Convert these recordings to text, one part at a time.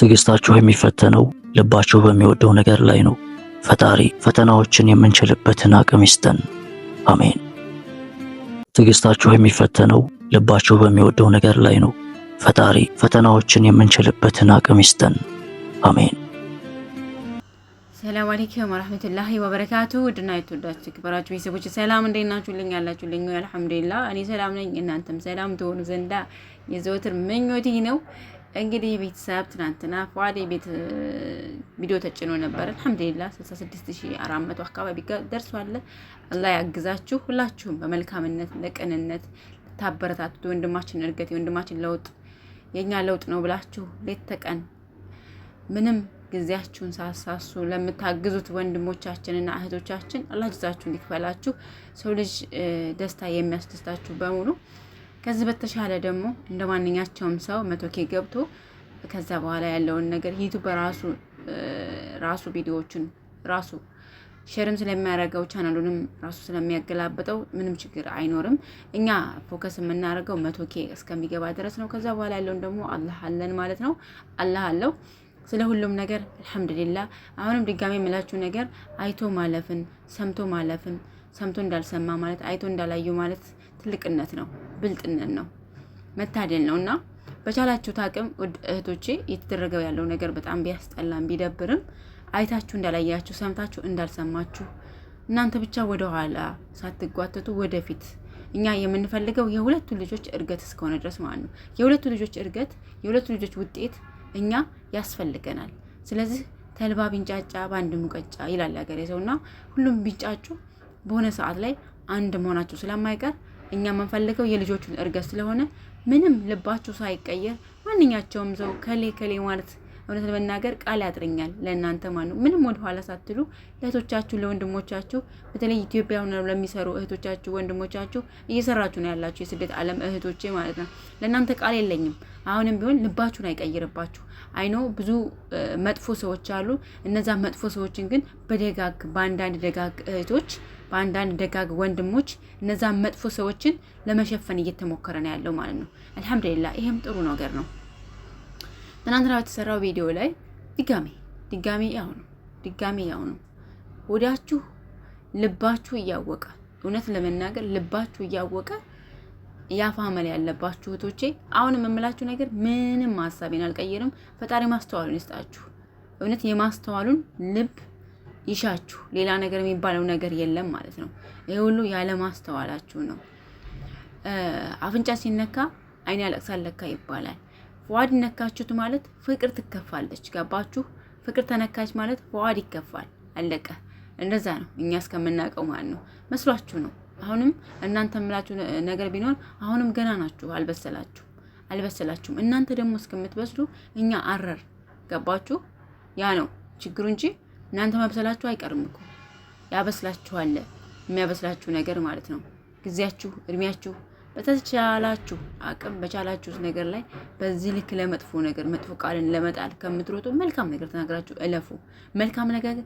ትዕግስታችሁ የሚፈተነው ልባችሁ በሚወደው ነገር ላይ ነው። ፈጣሪ ፈተናዎችን የምንችልበትን አቅም ይስጠን። አሜን። ትዕግስታችሁ የሚፈተነው ልባችሁ በሚወደው ነገር ላይ ነው። ፈጣሪ ፈተናዎችን የምንችልበትን አቅም ይስጠን። አሜን። ሰላም አለይኩም ወራህመቱላሂ ወበረካቱ። ውድና የተወዳችሁ ክብራችሁ ቤተሰቦች ሰላም እንዴት ናችሁልኝ? ያላችሁልኝ አልሐምዱሊላህ እኔ ሰላም ነኝ። እናንተም ሰላም ትሆኑ ዘንዳ የዘወትር ምኞቴ ነው። እንግዲህ ቤተሰብ ትናንትና ፏዴ ቤት ቪዲዮ ተጭኖ ነበር። አልሐምዱሊላህ 66400 አካባቢ ደርሷል። አላህ ያግዛችሁ ሁላችሁም በመልካምነት ለቅንነት ታበረታቱ የወንድማችን እድገት የወንድማችን ለውጥ የኛ ለውጥ ነው ብላችሁ ሌት ተቀን ምንም ጊዜያችሁን ሳሳሱ ለምታግዙት ወንድሞቻችንና እህቶቻችን አላህ ጅዛችሁ እንዲክፈላችሁ። ሰው ልጅ ደስታ የሚያስደስታችሁ በሙሉ ከዚህ በተሻለ ደግሞ እንደ ማንኛቸውም ሰው መቶ ኬ ገብቶ ከዛ በኋላ ያለውን ነገር ዩቱብ በራሱ ራሱ ቪዲዮዎቹን ራሱ ሸርም ስለሚያደርገው ቻናሉንም ራሱ ስለሚያገላብጠው ምንም ችግር አይኖርም። እኛ ፎከስ የምናደርገው መቶ ኬ እስከሚገባ ድረስ ነው። ከዛ በኋላ ያለውን ደግሞ አላህ አለን ማለት ነው። አላህ አለው ስለ ሁሉም ነገር አልሐምዱሊላ። አሁንም ድጋሚ የምላችሁ ነገር አይቶ ማለፍን ሰምቶ ማለፍን ሰምቶ እንዳልሰማ ማለት አይቶ እንዳላዩ ማለት ትልቅነት ነው። ብልጥነት ነው፣ መታደል ነው እና በቻላችሁት አቅም ውድ እህቶቼ እየተደረገው ያለው ነገር በጣም ቢያስጠላም ቢደብርም አይታችሁ እንዳላያችሁ ሰምታችሁ እንዳልሰማችሁ እናንተ ብቻ ወደኋላ ሳትጓተቱ ወደፊት እኛ የምንፈልገው የሁለቱ ልጆች እድገት እስከሆነ ድረስ ማለት ነው። የሁለቱ ልጆች እድገት የሁለቱ ልጆች ውጤት እኛ ያስፈልገናል። ስለዚህ ተልባ ቢንጫጫ በአንድ ሙቀጫ ይላል ያገሬ ሰው እና ሁሉም ቢንጫጩ በሆነ ሰዓት ላይ አንድ መሆናቸው ስለማይቀር እኛ የምንፈልገው የልጆቹን እርገት ስለሆነ ምንም ልባችሁ ሳይቀየር ማንኛቸውም ሰው ከሌ ከሌ ማለት እውነት ለመናገር ቃል ያጥረኛል። ለእናንተ ነው። ምንም ኋላ ሳትሉ ለእህቶቻችሁ ለወንድሞቻችሁ፣ በተለይ ኢትዮጵያ ሆነ ለሚሰሩ እህቶቻችሁ ወንድሞቻችሁ እየሰራችሁ ነው ያላችሁ የስደት ዓለም እህቶቼ ማለት ነው። ለእናንተ ቃል የለኝም። አሁንም ቢሆን ልባችሁን አይቀይርባችሁ። አይኖ ብዙ መጥፎ ሰዎች አሉ። እነዛ መጥፎ ሰዎችን ግን በደጋግ በአንዳንድ ደጋግ እህቶች በአንዳንድ ደጋግ ወንድሞች እነዛ መጥፎ ሰዎችን ለመሸፈን እየተሞከረ ነው ያለው ማለት ነው። አልሐምዱሊላ ይሄም ጥሩ ነገር ነው። ትናንትና በተሰራው ቪዲዮ ላይ ድጋሜ ድጋሜ ያው ነው፣ ድጋሜ ያው ነው። ወዳችሁ ልባችሁ እያወቀ እውነት ለመናገር ልባችሁ እያወቀ ያፋመል ያለባችሁ እህቶቼ፣ አሁንም የምላችሁ ነገር ምንም ሀሳቤን አልቀይርም። ፈጣሪ ማስተዋሉን ይስጣችሁ። እውነት የማስተዋሉን ልብ ይሻችሁ። ሌላ ነገር የሚባለው ነገር የለም ማለት ነው። ይሄ ሁሉ ያለ ማስተዋላችሁ ነው። አፍንጫ ሲነካ አይን ያለቅሳል ለካ ይባላል። ፈዋድ ነካችሁት ማለት ፍቅር ትከፋለች። ገባችሁ? ፍቅር ተነካች ማለት ፈዋድ ይከፋል። አለቀ። እንደዛ ነው እኛ እስከምናውቀው ማለት ነው። መስሏችሁ ነው። አሁንም እናንተ የምላችሁ ነገር ቢኖር አሁንም ገና ናችሁ፣ አልበሰላችሁ አልበሰላችሁም። እናንተ ደግሞ እስከምትበስሉ እኛ አረር። ገባችሁ? ያ ነው ችግሩ እንጂ እናንተ መብሰላችሁ አይቀርም እኮ ያበስላችኋል። የሚያበስላችሁ ነገር ማለት ነው ጊዜያችሁ፣ እድሜያችሁ በተቻላችሁ አቅም በቻላችሁት ነገር ላይ በዚህ ልክ ለመጥፎ ነገር መጥፎ ቃልን ለመጣል ከምትሮጡ መልካም ነገር ተናግራችሁ እለፉ። መልካም ነገር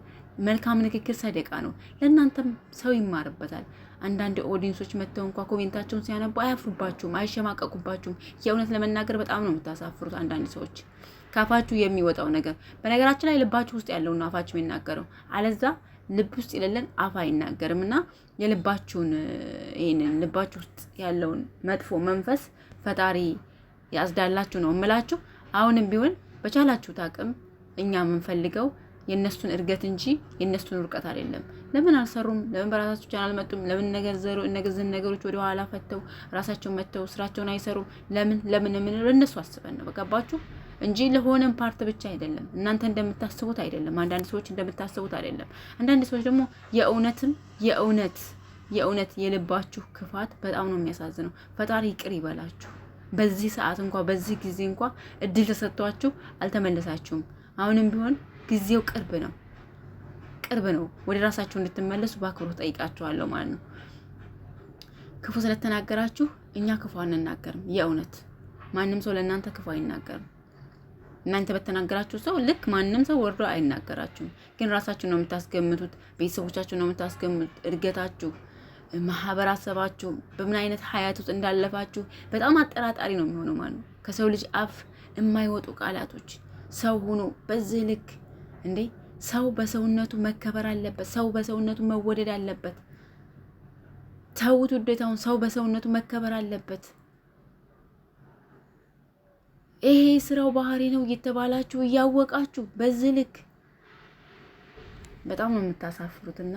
መልካም ንግግር ሰደቃ ነው። ለእናንተም ሰው ይማርበታል። አንዳንድ ኦዲንሶች መጥተው እንኳ ኮሜንታቸውን ሲያነቡ አያፍሩባችሁም፣ አይሸማቀቁባችሁም። የእውነት ለመናገር በጣም ነው የምታሳፍሩት አንዳንድ ሰዎች ካፋችሁ የሚወጣው ነገር። በነገራችን ላይ ልባችሁ ውስጥ ያለውን አፋችሁ የሚናገረው አለዛ ልብ ውስጥ የሌለን አፍ አይናገርም እና የልባችሁን ይህንን ልባችሁ ውስጥ ያለውን መጥፎ መንፈስ ፈጣሪ ያጽዳላችሁ ነው እምላችሁ። አሁንም ቢሆን በቻላችሁት አቅም እኛ የምንፈልገው የእነሱን እድገት እንጂ የእነሱን ውርቀት አይደለም። ለምን አልሰሩም? ለምን በራሳቸው ቻናል አልመጡም? ለምን ነገር ዘሩ እነግዝን ነገሮች ወደ ኋላ ፈተው ራሳቸውን መተው ስራቸውን አይሰሩም? ለምን ለምን የምንለው ለእነሱ አስበን ነው። በገባችሁ እንጂ ለሆነም ፓርት ብቻ አይደለም። እናንተ እንደምታስቡት አይደለም። አንዳንድ ሰዎች እንደምታስቡት አይደለም። አንዳንድ ሰዎች ደግሞ የእውነትም የእውነት የእውነት የልባችሁ ክፋት በጣም ነው የሚያሳዝነው። ፈጣሪ ይቅር ይበላችሁ። በዚህ ሰዓት እንኳ በዚህ ጊዜ እንኳ እድል ተሰጥቷችሁ አልተመለሳችሁም። አሁንም ቢሆን ጊዜው ቅርብ ነው፣ ቅርብ ነው። ወደ ራሳችሁ እንድትመለሱ በአክብሮት ጠይቃችኋለሁ ማለት ነው። ክፉ ስለተናገራችሁ እኛ ክፉ አንናገርም። የእውነት ማንም ሰው ለእናንተ ክፉ አይናገርም። እናንተ በተናገራችሁ ሰው ልክ ማንም ሰው ወርዶ አይናገራችሁም። ግን ራሳችሁ ነው የምታስገምቱት፣ ቤተሰቦቻችሁ ነው የምታስገምቱት። እድገታችሁ፣ ማህበረሰባችሁ በምን አይነት ሀያት ውስጥ እንዳለፋችሁ በጣም አጠራጣሪ ነው የሚሆነው ማለት ነው። ከሰው ልጅ አፍ የማይወጡ ቃላቶች ሰው ሆኖ በዚህ ልክ እንዴ! ሰው በሰውነቱ መከበር አለበት። ሰው በሰውነቱ መወደድ አለበት። ተውት ውዴታውን። ሰው በሰውነቱ መከበር አለበት። ይሄ ስራው ባህሪ ነው እየተባላችሁ እያወቃችሁ በዚህ ልክ በጣም ነው የምታሳፍሩት። እና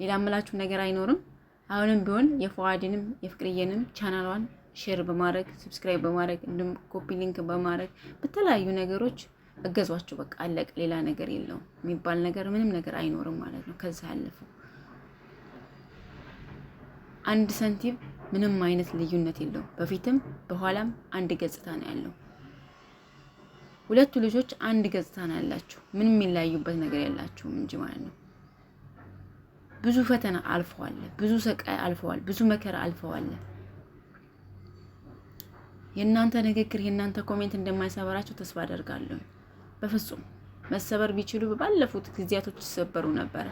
ሌላ ምላችሁ ነገር አይኖርም። አሁንም ቢሆን የፈዋድንም የፍቅርዬንም ቻናሏን ሼር በማድረግ ሰብስክራይብ በማድረግ እንዲሁም ኮፒ ሊንክ በማድረግ በተለያዩ ነገሮች እገዟቸው። በቃ አለቅ። ሌላ ነገር የለውም የሚባል ነገር ምንም ነገር አይኖርም ማለት ነው። ከዛ ያለፈ አንድ ሰንቲም ምንም አይነት ልዩነት የለውም። በፊትም በኋላም አንድ ገጽታ ነው ያለው። ሁለቱ ልጆች አንድ ገጽታ ነው ያላችሁ። ምንም የሚለያዩበት ነገር የላችሁም እንጂ ማለት ነው። ብዙ ፈተና አልፈዋል፣ ብዙ ሰቃይ አልፈዋል፣ ብዙ መከራ አልፈዋል። የእናንተ ንግግር የእናንተ ኮሜንት እንደማይሰበራቸው ተስፋ አደርጋለሁ። በፍጹም መሰበር ቢችሉ ባለፉት ጊዜያቶች ይሰበሩ ነበረ።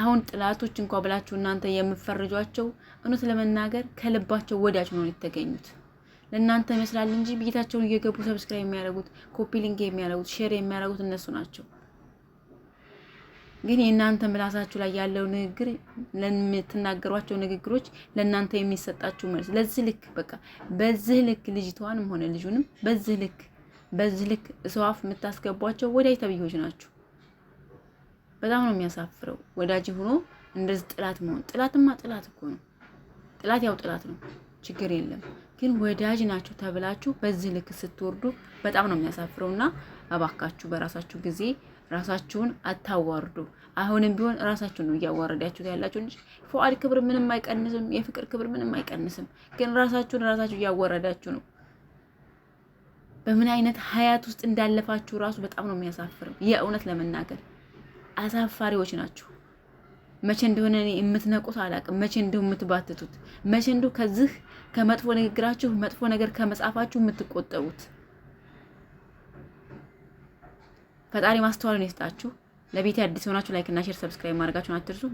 አሁን ጥላቶች እንኳ ብላችሁ እናንተ የምፈርጇቸው እውነት ለመናገር ከልባቸው ወዳጅ ነው የተገኙት። ለእናንተ ይመስላል እንጂ ቤታቸውን እየገቡ ሰብስክራይብ የሚያደርጉት ኮፒ ሊንክ የሚያደርጉት ሼር የሚያደርጉት እነሱ ናቸው። ግን የእናንተ ምላሳችሁ ላይ ያለው ንግግር ለምትናገሯቸው ንግግሮች ለእናንተ የሚሰጣችሁ መልስ ለዚህ ልክ በቃ በዚህ ልክ ልጅቷንም ሆነ ልጁንም በዚህ ልክ በዚህ ልክ እሰዋፍ የምታስገቧቸው ወዳጅ ተብዮች ናችሁ። በጣም ነው የሚያሳፍረው። ወዳጅ ሆኖ እንደዚህ ጥላት መሆን ጥላትማ ጥላት እኮ ነው። ጥላት ያው ጥላት ነው፣ ችግር የለም። ግን ወዳጅ ናቸው ተብላችሁ በዚህ ልክ ስትወርዱ በጣም ነው የሚያሳፍረው እና እባካችሁ በራሳችሁ ጊዜ ራሳችሁን አታዋርዱ። አሁንም ቢሆን ራሳችሁን ነው እያዋረዳችሁ ያላችሁ እንጂ ፎአድ ክብር ምንም አይቀንስም፣ የፍቅር ክብር ምንም አይቀንስም። ግን ራሳችሁን ራሳችሁ እያዋረዳችሁ ነው። በምን አይነት ሀያት ውስጥ እንዳለፋችሁ ራሱ በጣም ነው የሚያሳፍረው። የእውነት ለመናገር አሳፋሪዎች ናችሁ። መቼ እንደሆነ እኔ የምትነቁት አላውቅም። መቼ እንደሁ የምትባትቱት፣ መቼ እንደሁ ከዚህ ከመጥፎ ንግግራችሁ መጥፎ ነገር ከመጻፋችሁ የምትቆጠቡት። ፈጣሪ ማስተዋልን ይስጣችሁ። ለቤት አዲስ የሆናችሁ እና ሼር ሰብስክራይብ ማድረጋችሁን አትርሱ።